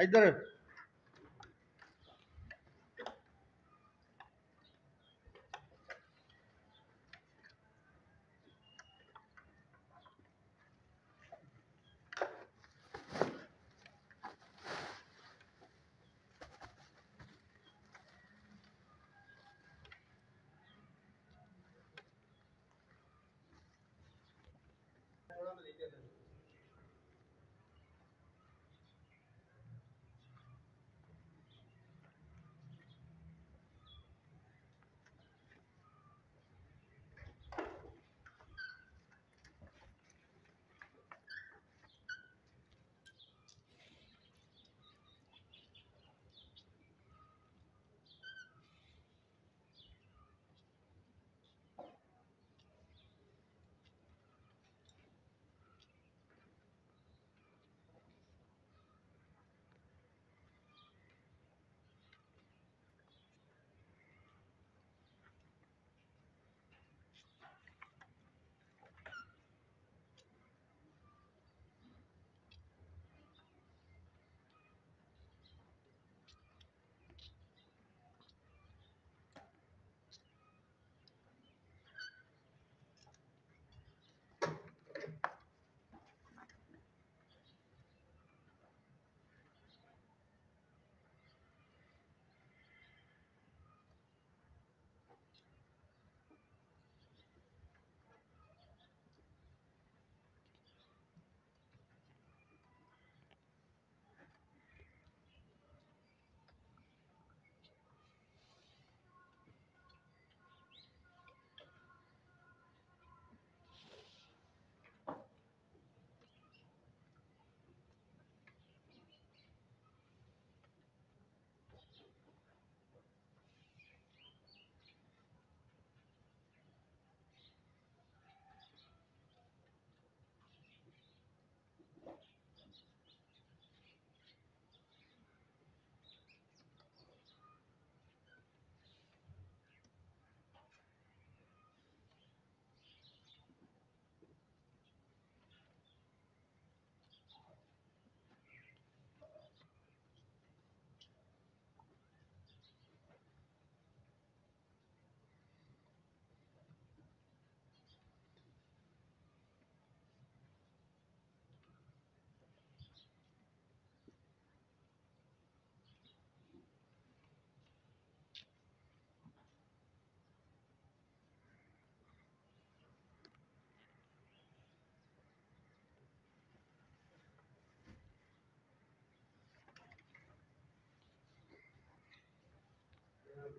এই Gracias.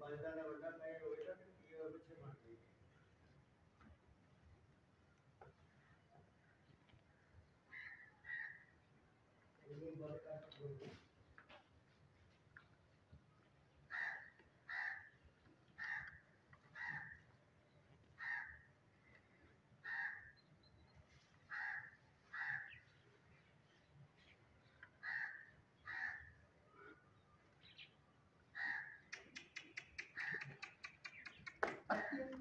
पाकिस्तान का बंदा मैं होएगा कि ये और बच्चे मार देंगे ये बात का Thank you.